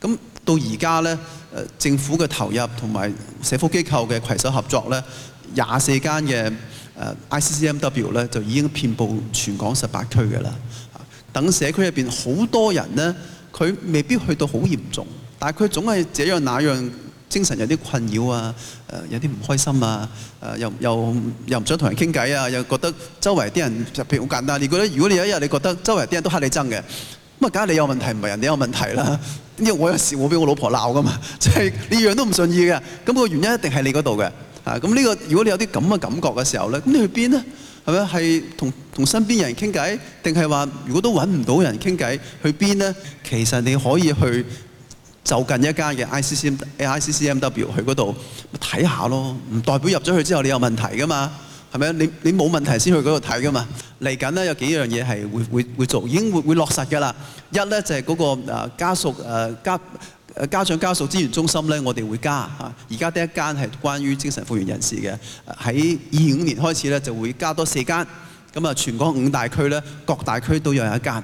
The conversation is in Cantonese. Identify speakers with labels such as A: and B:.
A: 咁到而家咧，誒政府嘅投入同埋社福機構嘅攜手合作咧，廿四間嘅誒 ICCMW 咧就已經遍佈全港十八區嘅啦。等社區入邊好多人咧，佢未必去到好嚴重，但係佢總係這樣那樣，精神有啲困擾啊，誒有啲唔開心啊，誒又又又唔想同人傾偈啊，又覺得周圍啲人特別好簡單。你覺得如果你有一日你覺得周圍啲人都蝦你憎嘅？咁啊，梗係你有問題，唔係人哋有問題啦。因為我有時會俾我老婆鬧噶嘛，即係你樣都唔順意嘅，咁個原因一定係你嗰度嘅。啊，咁呢個如果你有啲咁嘅感覺嘅時候咧，咁你去邊咧？係咪係同同身邊人傾偈，定係話如果都揾唔到人傾偈，去邊咧？其實你可以去就近一間嘅 ICCM ICCMW 去嗰度睇下咯。唔代表入咗去之後你有問題噶嘛？係咪你你冇問題先去嗰度睇噶嘛？嚟緊呢有幾樣嘢係會,會,會做，已經會,會落實㗎喇。一呢，就係、誒、嗰個家,家,家長家屬資源中心呢，我哋會加。而家得一間係關於精神復元人士嘅，喺二五年開始呢，就會加多四間。咁啊，全港五大區呢，各大區都有,有一間。